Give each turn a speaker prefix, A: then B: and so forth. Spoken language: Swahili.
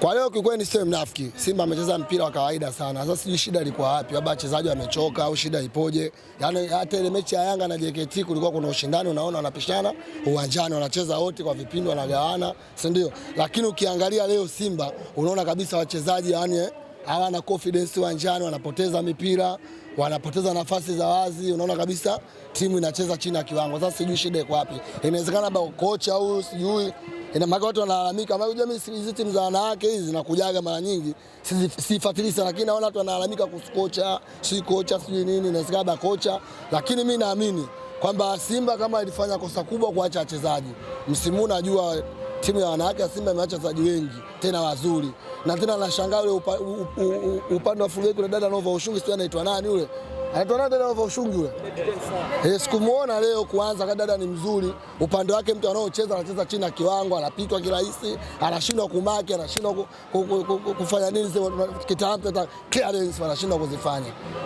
A: Kwa leo ni niseme mnafiki, Simba amecheza mpira wa kawaida sana. Sasa sijui shida ilikuwa wapi, labda wachezaji wamechoka au shida ipoje? Yaani hata ile mechi ya Yanga na JKT kulikuwa kuna ushindani, unaona wanapishana uwanjani, wanacheza wote kwa vipindi, wanagawana, si ndio? Lakini ukiangalia leo Simba unaona kabisa wachezaji yaani hawana confidence uwanjani, wanapoteza mipira, wanapoteza nafasi za wazi. Unaona kabisa timu inacheza chini ya kiwango. Sasa sijui shida iko wapi, inawezekana labda kocha au sijui Ina maana watu wanalalamika, unajua mimi hizi timu za wanawake hizi zinakujaga mara nyingi sifuatilii sana, lakini naona watu wanalalamika kuhusu kocha, si kocha, si nini na sikaba kocha, lakini mimi naamini kwamba Simba kama ilifanya kosa kubwa kuacha wachezaji msimu, najua timu ya wanawake ya Simba imeacha wachezaji wengi tena wazuri, na tena nashangaa yule upande wa fuligeki na dada anaova Ushungi, sio anaitwa nani yule, anaitwa nani dada anaova Ushungi yule eh, sikumuona leo kuanza. Dada ni mzuri upande wake, mtu anaocheza anacheza chini ya kiwango, anapitwa kirahisi, anashindwa kumaki, anashindwa kufanya nini, kitaalamu clearance anashindwa kuzifanya.